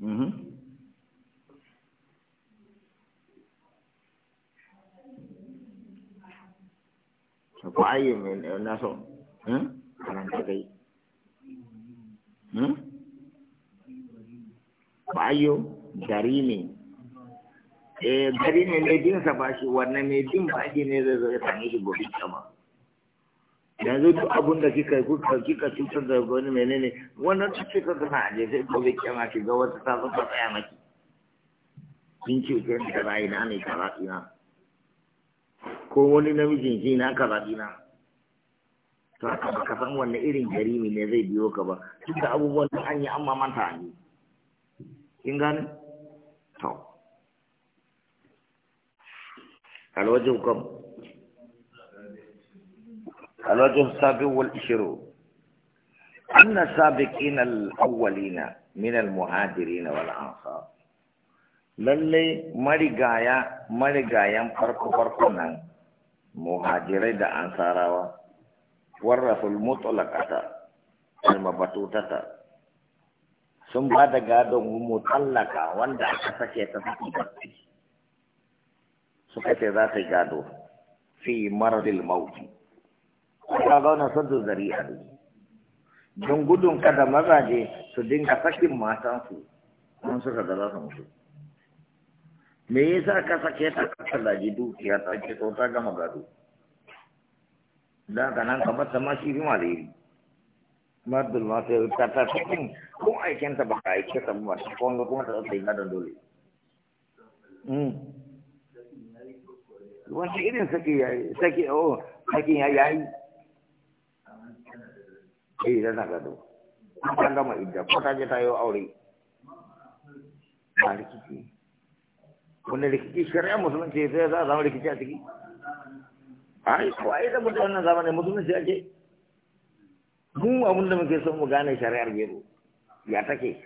Mhm. Kwa ayi na so, uh, karanta kai. hmm? ayo gari eh, ne, eh gari ne mai jinsa ba shi, wannan mai jin ba shi ne zai zo ya same shi gobe kyama. yanzu duk abun da kika kika cutar da wani menene wannan ta ce kaga na aje sai gobe kiyama ki ga wata ta zo ta tsaya maki kin ce ke da bai na ne kaza ko wani namijin ki na kaza ina to haka baka san wanne irin jarimi ne zai biyo ka ba duk da abubuwan da an yi an mamanta ne kin gane to alwajin kuma الوجه السابع والعشرون أن السابقين الأولين من المهاجرين والأنصار للي مرقايا مرقايا فرقو فرقنا مهاجرين دا أنصارا ورثوا المطلقة المبتوتة ثم بعد da مطلقة mutallaka wanda تفكي sake سكتي saki barci في مرض الموت ka zauna saddu zari'a ne don gudun kada mazaje su dinga sakin matansu don suka ga za su mutu me yasa ka sake ta ka tallaji dukiya ta ce to ta gama gado da ka nan ka mata ma shi rima da yi mardul ma sai ta ta cikin kun aikin ta baka aike ta ba ta kuma kuma ta tsaye gadon dole hmm. wani irin saki ya oh, ya yi eh tana gado ta gama idda ko ta je ta yi aure ba rikici wanda rikici shari'a musulunci sai za a zama rikici a ciki ai ko ai da mutum wannan zamanin musulunci ake mu abin da muke son mu gane ya take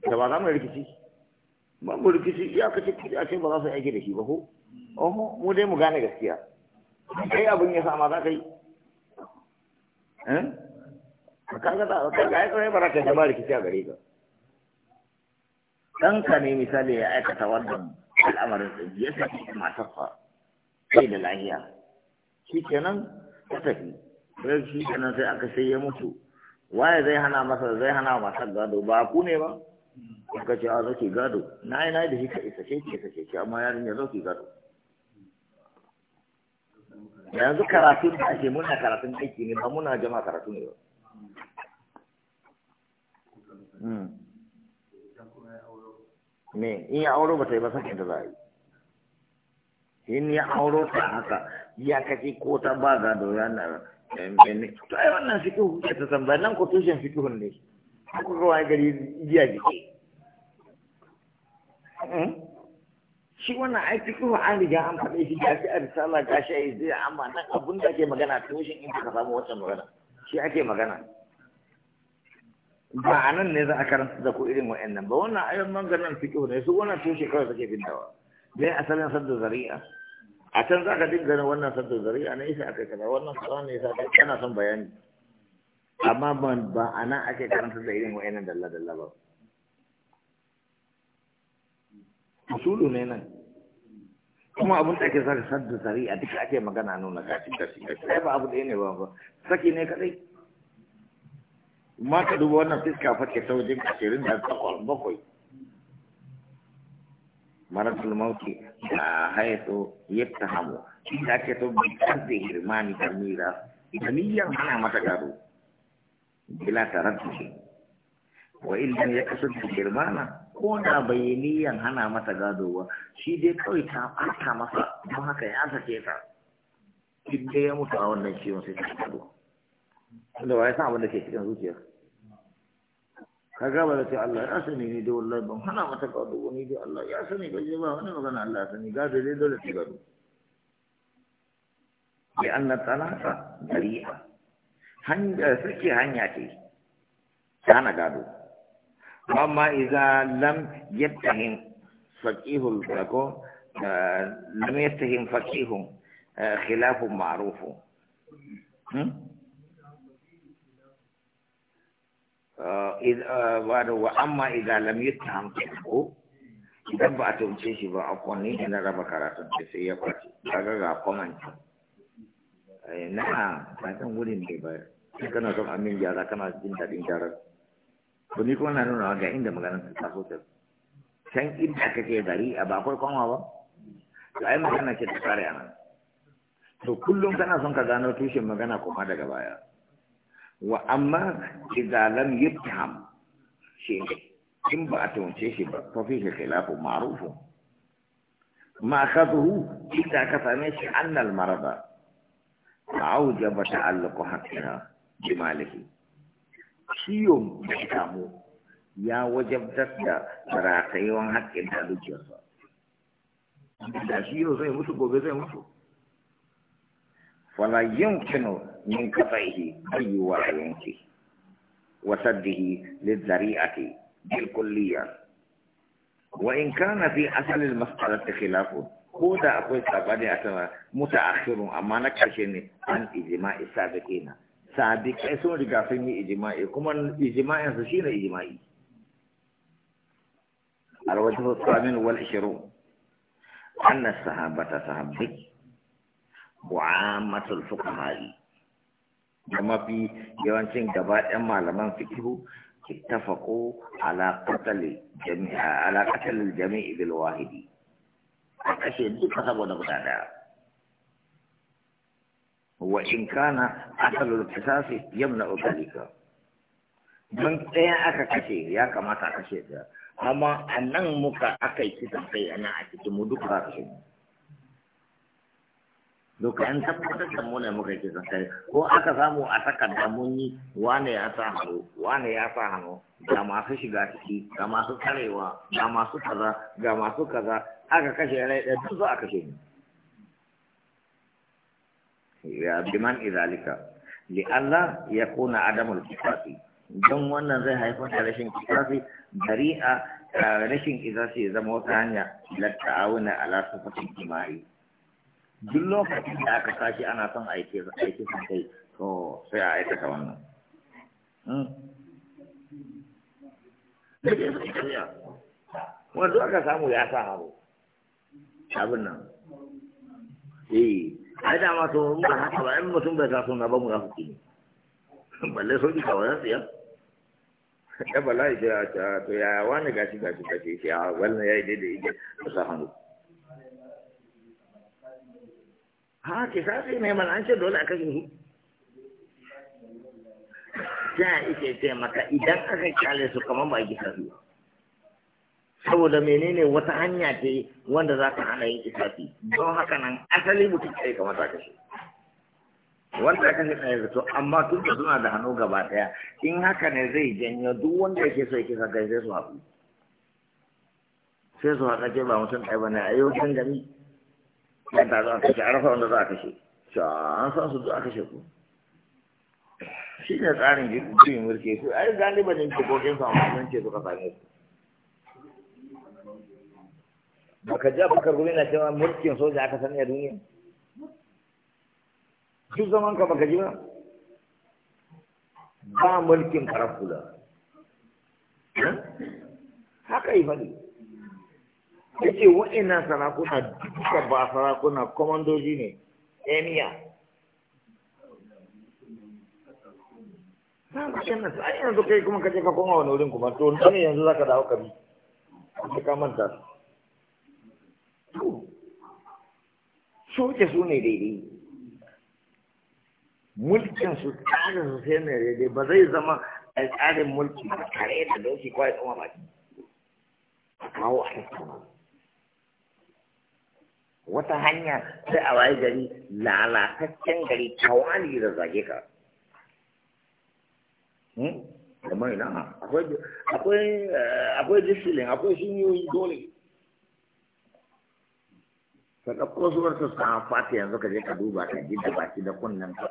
ke? ba za mu rikici ba mu rikici ya kace kudi a ce su aiki da ba mu abin ya sama tak eh kaga ka jama'a rikici a ɗanka ne misali ya aikata wannan al'amarin sa ya saki matarsa sai da lahiya shi kenan ta tafi sai shi kenan sai aka sai ya mutu waye zai hana masa zai hana matar gado ba ku ne ba ka ce a zaki gado na yi na yi da shi ka isa ce ke isa ce amma yarin ya zaki gado yanzu karatun da ake muna karatun aiki ne ba muna jama'a karatu ne ba ne hmm. in ya auro ba ta yi ba sakin da za yi in ya auro ta haka ya kace ko ta ba ga doya na ɗanɓene eh, to ai wannan fiƙi kuke ta san nan ko tushen fiƙi ne haka kawai gari jiya jiki hmm? shi wannan ai fiƙi an riga an faɗe shi gashi a risala gashi a izziya amma nan abun da ake magana tushen in ka samu wancan magana shi ake magana ba a nan ne za a karanta da ku irin wa'annan ba wannan ayon maganin fiƙo ne su wannan tushe kawai suke bindawa dai asalin sadda zari'a a can za ka dinga ganin wannan sadda zari'a na isa aka kaza wannan kaza ne yasa kai kana son bayani amma ban ba a nan ake karanta da irin wa'annan dalla-dalla ba usulu ne nan kuma abin da ake sa sadda zari'a duk ake magana nuna kashi kashi kashi ba abu ɗaya ne ba ba saki ne kadai ma ka dubo wannan fiska fake ta wajen ashirin da takwas bakwai maratul mauti da haitu yadda hamu inda ake to bai karfe hirmani da mira da niyyar hana mata gado bila tarattushi wa illan ya kasu da hirmana ko da bai niyyar hana mata gado ba shi dai kawai ta fata masa don haka ya sake ta duk ya mutu a wannan ciwon sai ta gado wanda ba ya san abin da ke cikin zuciyarsa kaga ba da ce Allah ya sani ne dai wallahi ban hana mata gado ni dai Allah ya sani ba je ba wani magana Allah ya sani gado dai dole ta gado bi anna talaka dariya hanya suke hanya ce kana gado amma idza lam yattahim faqihul faqo lam yattahim faqihum khilafun ma'rufun wa amma idan lam yuttaham ko idan ba a tumce shi ba a kwanin da na raba karatun da sai ya kwace kaga ga kwamanci na ba san wurin ne ba kana son amin gyara kana jin daɗin gyarar to ni kuma na nuna ga inda magana ta taso ta can inda kake gari a ba akwai kwanwa ba to ai magana ce ta kare a nan to kullum kana son ka gano tushen magana kuma daga baya وأما إذا لم يتهم شيء إن بأتون شيء ففيه خلاف معروف ما أخذه إذا كفهمش أن المرض أوجب تعلق حقها بماله ciwon da ya samu ya wajabtar da ratayewan haƙƙin da dukiyarsa. Da shi yau zai mutu gobe zai mutu. Fala yin kino من قطعه أي ولا ينفي وسده للذريعة بالكلية وإن كان في أصل المسألة خلافه هو ده أقول سباني متأخر أما نكشن عن إجماع السابقين سابق سون رقافين إجماعي كما إجماعي سشين إجماعي الوجه الثامن والعشرون أن الصحابة صحابي وعامة الفقهاء da mafi yawancin gaba ɗan malaman fikihu ittafaqu ala qatl jami'a ala qatl jami'i bil wahidi a kashe duka saboda guda daya wa in kana asalul qisasi yamna ubalika don ɗaya aka kashe ya kamata a kashe ta, amma a nan muka aka yi kisan kai a nan a cikin mu duka kashe mu duka an tabbatar da muna muka ke kai ko aka samu a takarda mun yi wane ya sa hannu wane ya sa hannu ga masu shiga ciki ga masu karewa ga masu kaza ga masu kaza aka kashe rai ɗaya duk aka kashe ni ya biman izalika li Allah ya kuna adamul kifafi don wannan zai haifar da rashin kifafi dari'a rashin izasi ya zama wata hanya la ala sifatin jima'i duk lokacin da aka tashi ana son aiki aiki sun kai to sai a aikata wannan hmm. wanda aka samu ya sa haro abin nan eh ai da ma to ba haka ba in mutum bai taso na ba mu za ku ne balle so ki kawai sai ya bala ya ce to ya wani gashi gashi gashi ya wannan yi daidai ya sa hannu ha ke ne mana an ce dole a kashe shi ta ike ce maka idan aka kyale su kamar ba su saboda menene wata hanya ce wanda za ka hana yin kisafi don haka nan asali mutum kai ta kashe wanda aka yi yanzu to amma tun da suna da hannu gaba daya in haka ne zai janyo duk wanda yake so yake sakai sai su haɗu sai su haɗa ce ba mutum ɗaya ba ne a yau can gani. yadda za a kashe a rasa wanda za a kashe to an san su a kashe ku shi ne tsarin jirgin mulki su ai galiba ne jikokin samun ce suka sami su baka ji abubakar gumi na cewa mulkin soja aka sani a duniya duk zaman ka baka ji ba ba mulkin karar haka yi faɗi yake wa'ina sarakuna duka ba sarakuna komandoji ne emiya ba ba kenan sai yanzu kai kuma kaje ka koma wani wurin kuma to ne yanzu ka dawo ka bi ka ka manta soke su ne daidai mulkin su tsarin su sai ne daidai ba zai zama a tsarin mulki ba tare da doki kwaya kuma ba a kawo a tattauna wata hanya sai a waye gari lalataccen gari tawali da zage ka hmm? kamar ina akwai akwai eh, disilin akwai shinyoyi dole ka ɗauko suwar ta sa fata yanzu ka je ka duba ka ji da baki da kunnen ka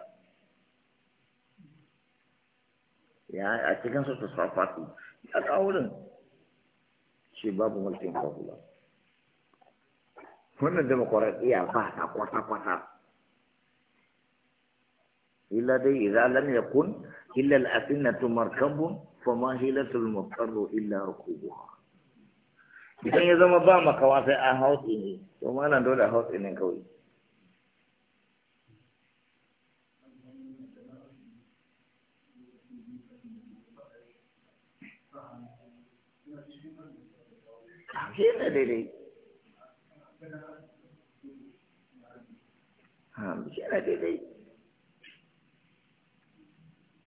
ya a cikin su ta sa fata ya kawo shi babu mulkin kafula wannan demokuraɗiyya ba ta kwata-kwata illa dai idza lam yakun illa al-asinatu markabun fama hilatul muqarru illa rukubuha idan ya zama ba makawa sai an hautsi ne to malam dole a hautsi ne kawai shi ne daidai shi na daidai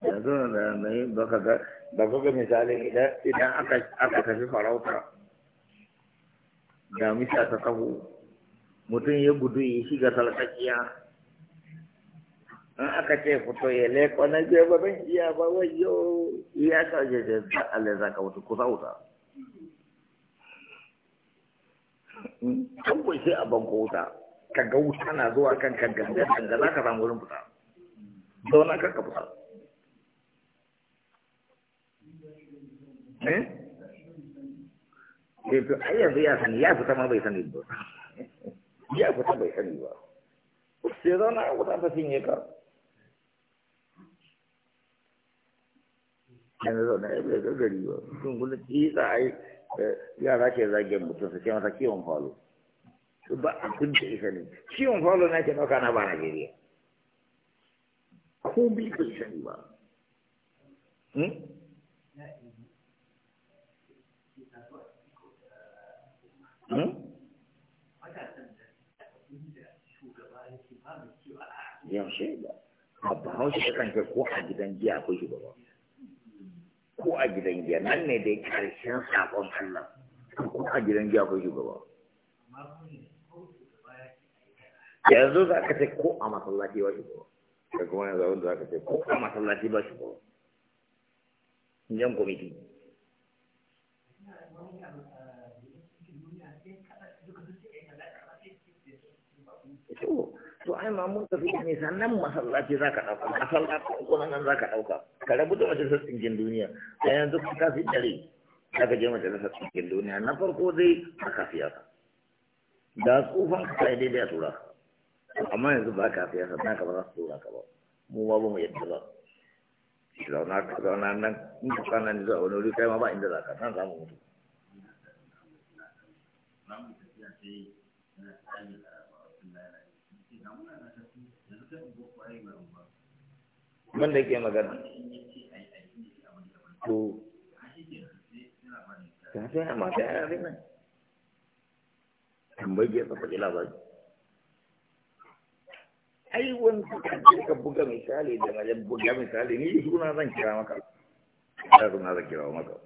yanzu da mai baka ga ba ga misali idan aka tafi farauta da misa ta kahu mutum ya gudu ya shiga talakakiya in aka ce fito ya leko na je ba zan iya ba wayo iya ka je da Allah za ka wuta kusa wuta an kun sai a banko wuta ka ga wuta na zuwa kan ka ganga ganga za ka samu wurin fita zauna kan ka fita eh? eh to ai yanzu ya sani ya fita ma bai sani ba ya fita bai sani ba sai zauna a wuta ta cinye ka yanzu zauna ya bai gagari ba sun kullum ci za a yi eh, yara ke zage mutum su ce masa kiwon falo to ba abin da ya sani ciwon faulo na ke ɗauka na ba Najeriya ko bi ka sani ba hmm? Hmm? yaushe ba a bahaushe ya kanke ko a gidan giya ko shi ba ko a gidan giya nan ne da ya karshen sakon Allah ko a gidan giya ko shi ba yanzu za ka ce ko a masallaci ba shi ko da kuma yanzu abin za ka ce ko a masallaci ba shi ko yan kwamiti to ai ma mun tafi ne sannan masallaci za ka ɗauka masallaci ko nan za ka ɗauka ka rabu da majalisar tsinkin duniya a yanzu ka kafi ɗari za ka je majalisar tsinkin duniya na farko dai a kafiya da tsufan ka daidai a tura amma yanzu ba ka fiye sannan ka ba za su tura ka ba mu ma ba mu yadda ba zauna zauna nan in ka kwana ni zuwa wani wuri kai ma ba inda za ka nan za mu mutu ke magana to ta sai amma tambayi ya labari ai wani ka buga misali da majan buga misali ni suna zan kira maka da suna zan kira maka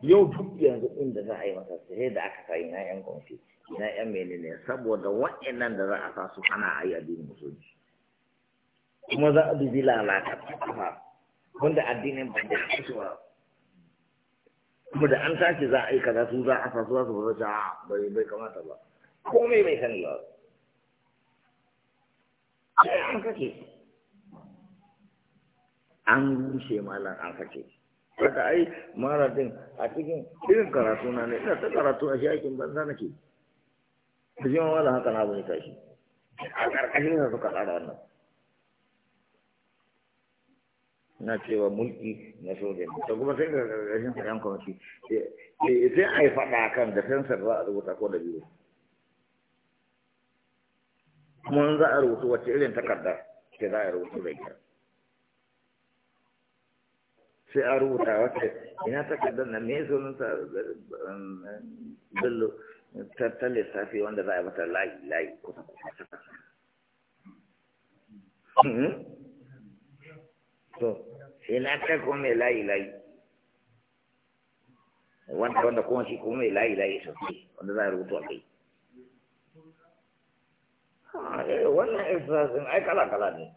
yau duk yanzu inda za a yi masa sai da aka sa ina yan gwamnati ina yan menene saboda wa'annan da za a sa su ana a yi addinin musulunci kuma za a dubi lalata kafa wanda addinin ba da su ba kuma da an tashi za a yi kaza su za a sa su za su ba za a bai kamata ba komai bai sani ba an an rushe malar an kake haka ai mara din a cikin irin karatu na ne ina ta karatu a shakin banza nake da jima wala haka na bai tashi a karkashin sa suka tsara wannan na cewa mulki na soja ta kuma sai ga karkashin sa yan eh, eh, sai a yi faɗa kan da fensar za a rubuta ko da biyu kuma za a rubutu wacce irin takardar ke za a rubutu da ita sai a rubuta wacce ina takardar na me sunan um, ta bello ta lissafi wanda za a mata layi layi kusa kusa hmm? to kuma mai layi layi wanda wanda kuma shi kuma mai layi layi sosai wanda za a rubuta a kai Ah, eh, wannan exercise ai kala-kala ne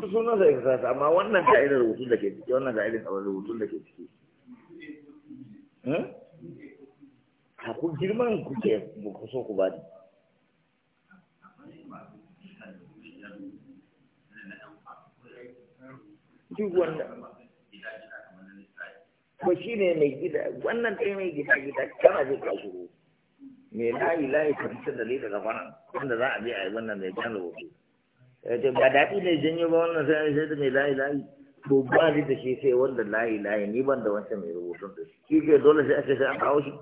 duk sunan sa exercise amma wannan ga irin rubutun da ke ciki wannan ga irin rubutun da ke ciki hmm? a ku girman ku ke ku so ku bani duk wanda ko shi ne mai gida wannan ɗaya mai gida gida kana je ka shigo me layi layi ka fitar da daga wanda za a bi a yi wannan mai kyan rubutu ba daɗi ne janyo ba wannan sai sai da mai layi layi to ba ni da shi sai wanda layi layi ni ban da wancan mai rubutun da shi ke dole sai ake sai an kawo shi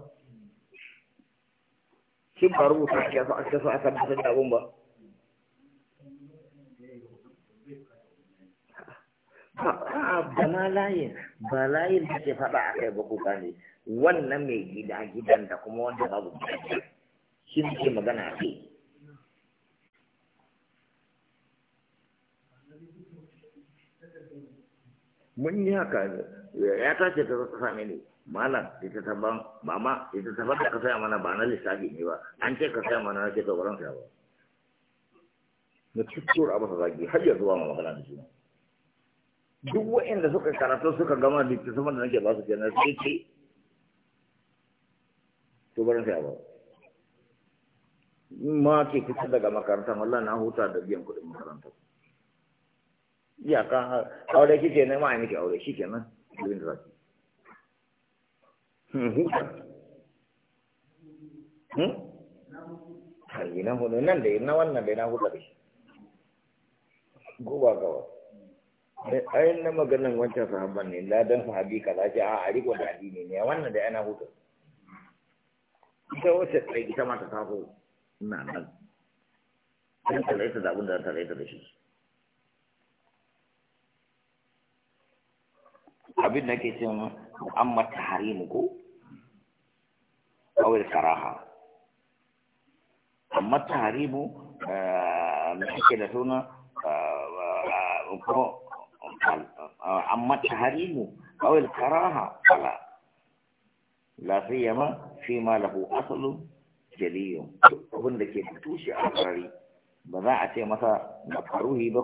shi ba rubuta ake so ake so a tabbatar da abun ba ba ma layin ba layin da ke faɗa a kai ba ku gane wannan mai gida gidan da kuma wanda babu gidan shi muke magana a kai mun yi haka ya tace ta zata sami ne malam ita ta ban mama ita ta ban da ka saya mana ba na lissafi ne ba an ce ka saya mana na ce ka wurin saya ba na abu ta zagi har yanzu ba ma magana da shi duk waɗanda suka karatu suka gama littattafan da nake ba su kenan sai ce to barin sai ba ma ke fitar daga makaranta wallah na huta da biyan kuɗin ya ka aure kike ne ma miki aure shi kenan doing that hmm kai na hudu nan da na wannan da na huta da shi goba gawa ayin na maganan wancan sahabban ne ladan sahabi kaza ce a ariko da addini ne wannan da yana hutu ita wacce ɗaya ita ma ta taho ina nan sai ta laita da abin ta laita da shi abin da ke cin ko kawai karaha amma ta harimu na eh, ake da suna eh, eh, amma ta kawai karaha lafiyama. فيما له أصل جلي abin da ke tushe a farari ba za a ce masa makaruhi ba